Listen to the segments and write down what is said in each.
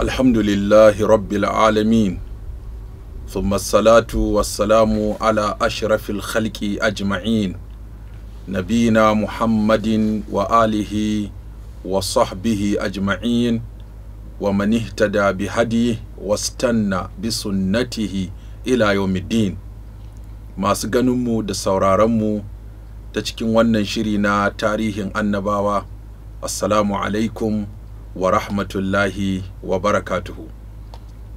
الحمد لله رب العالمين ثم الصلاة والسلام على أشرف الخلق أجمعين نبينا محمد وآله وصحبه أجمعين ومن اهتدى بهديه واستنى بسنته إلى يوم الدين ما سجنم da sauraronmu ونن شرينا تاريخ shiri السلام عليكم wa rahmatullahi wa barakatuhu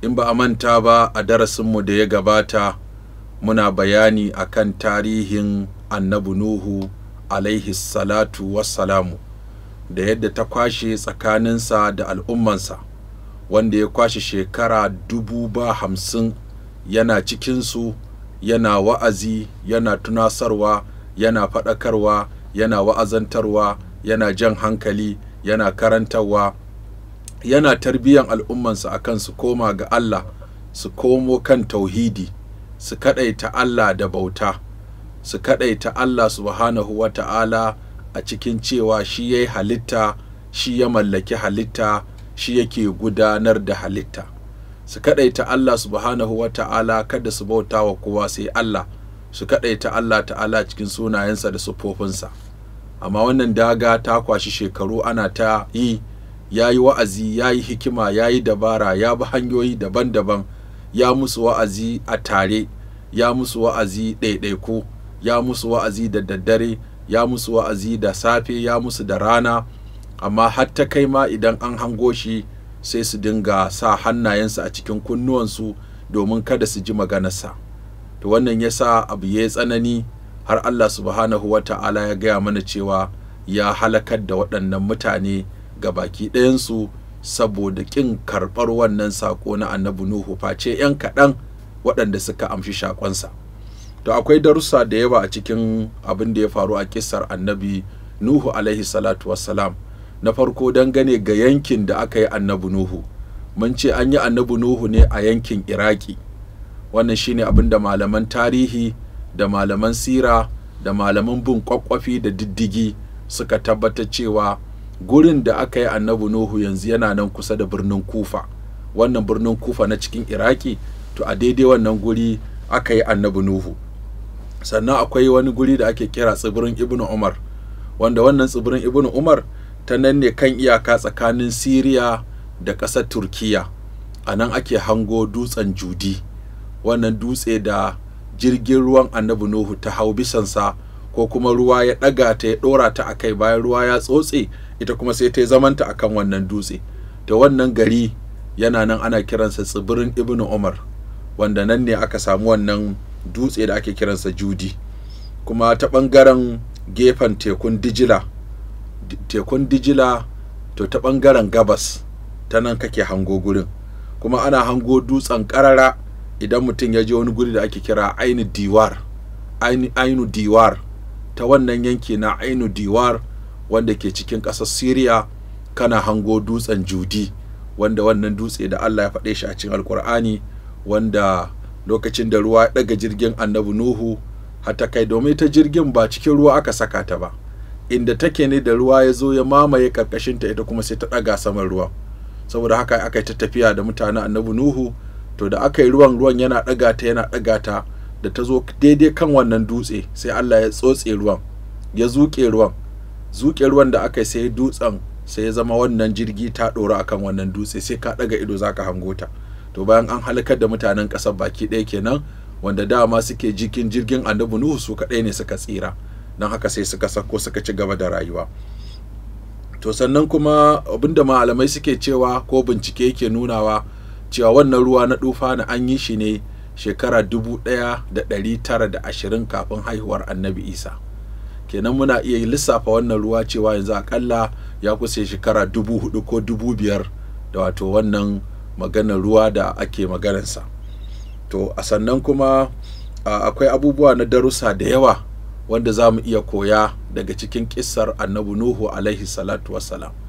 in ba a manta ba a darasinmu da ya gabata muna bayani a kan tarihin annabi nuhu alaihi salatu wassalamu da yadda ta kwashe tsakaninsa da al'ummansa wanda ya kwashe shekara dubu ba hamsin yana cikinsu yana wa'azi yana tunasarwa yana faɗakarwa yana wa'azantarwa yana jan hankali yana karantarwa yana tarbiyan al'ummansa akan su koma ga Allah su komo kan tauhidi su kaɗaita Allah da bauta su kaɗaita Allah subhanahu wa ta'ala a cikin cewa shi ya yi halitta shi ya mallaki halitta shi yake gudanar da halitta su kaɗaita Allah subhanahu wa ta'ala kada su bauta wa kowa sai Allah su kaɗaita Allah ta'ala cikin sunayensa da sufofinsa amma wannan daga ta kwashi shekaru ana ta yi ya yi wa'azi ya yi hikima ya yi dabara ya bi hanyoyi daban-daban ya musu wa'azi a tare ya musu wa'azi ɗaiɗaiku ya musu wa'azi da daddare ya musu wa'azi da safe ya musu da rana amma har ta kai ma idan an hango shi sai su dinga sa hannayensu a cikin kunnuwansu domin kada su ji maganarsa to wannan ya sa abu ya tsanani har allah subhanahu wa ta'ala ya gaya mana cewa ya halakar da waɗannan mutane ga baki ɗayansu saboda ƙin karɓar wannan saƙo na annabi nuhu face 'yan kaɗan waɗanda suka amshi shaƙonsa. to akwai darussa da yawa a cikin abin da ya faru a kisar annabi nuhu alaihi salatu wassalam na farko dangane ga yankin da aka yi annabi nuhu mun ce an yi annabi nuhu ne a yankin iraki wannan shine abin da malaman tarihi da malaman sira da malaman bin kwakwafi da diddigi suka tabbatar cewa gurin da aka yi annabi nuhu yanzu yana nan kusa da birnin kufa wannan birnin kufa na cikin iraki to a daidai wannan guri aka yi annabi nuhu sannan akwai wani guri da ake kira tsibirin ibnu umar wanda wannan tsibirin ibnu umar ta nan ne kan iyaka tsakanin siriya da ƙasar turkiya a nan ake hango dutsen judi wannan dutse da jirgin ruwan annabi nuhu ta hau bisansa ko kuma ruwa ya ɗaga ta ya ɗora ta a kai bayan ruwa ya tsotse ita kuma sai ta yi zamanta kan wannan dutse da wannan gari yana nan ana kiransa tsibirin ibnu umar wanda nan ne aka samu wannan dutse da ake kiransa judi kuma ta ɓangaren gefen tekun dijila tekun dijila to ta ɓangaren gabas ta nan kake hango gurin kuma ana hango dutsen ƙarara idan mutum ya je wani guri da ake kira ainu diwar ainu diwar ta wannan yanki na ainu diwar wanda ke cikin ƙasar syria kana hango dutsen judi wanda wannan dutse da allah ya faɗe shi a cikin alkur'ani wanda lokacin da ruwa ya ɗaga jirgin annabi nuhu hatta kai domin ta jirgin ba cikin ruwa aka saka ta ba inda take ne da ruwa ya zo ya mamaye ta ita kuma sai ta ɗaga saman ruwa saboda haka aka yi ta tafiya da mutanen annabi nuhu to da aka yi ruwan ruwan yana ɗaga ta yana ɗaga ta da ta zo daidai kan wannan dutse sai Allah ya tsotse ruwan ya zuke ruwan zuke ruwan da aka sai dutsen sai ya zama wannan jirgi ta ɗora akan wannan dutse sai ka ɗaga ido zaka hango ta to bayan an halakar da mutanen ƙasar baki ɗaya kenan wanda dama suke jikin jirgin annabi nuhu su kaɗai ne suka tsira don haka sai suka sako suka ci gaba da rayuwa to sannan kuma abinda malamai suke cewa ko bincike yake nunawa cewa wannan ruwa na dufa na an yi shi ne shekara dubu ɗaya da da ɗari tara ashirin kafin haihuwar annabi isa kenan muna iya lissafa wannan ruwa cewa yanzu akalla ya kusa shekara dubu hudu ko dubu biyar da wato wannan maganar ruwa da ake maganarsa to a sannan kuma akwai abubuwa na darussa da yawa wanda za mu iya koya daga cikin kissar annabi nuhu alaihi salatu wassalam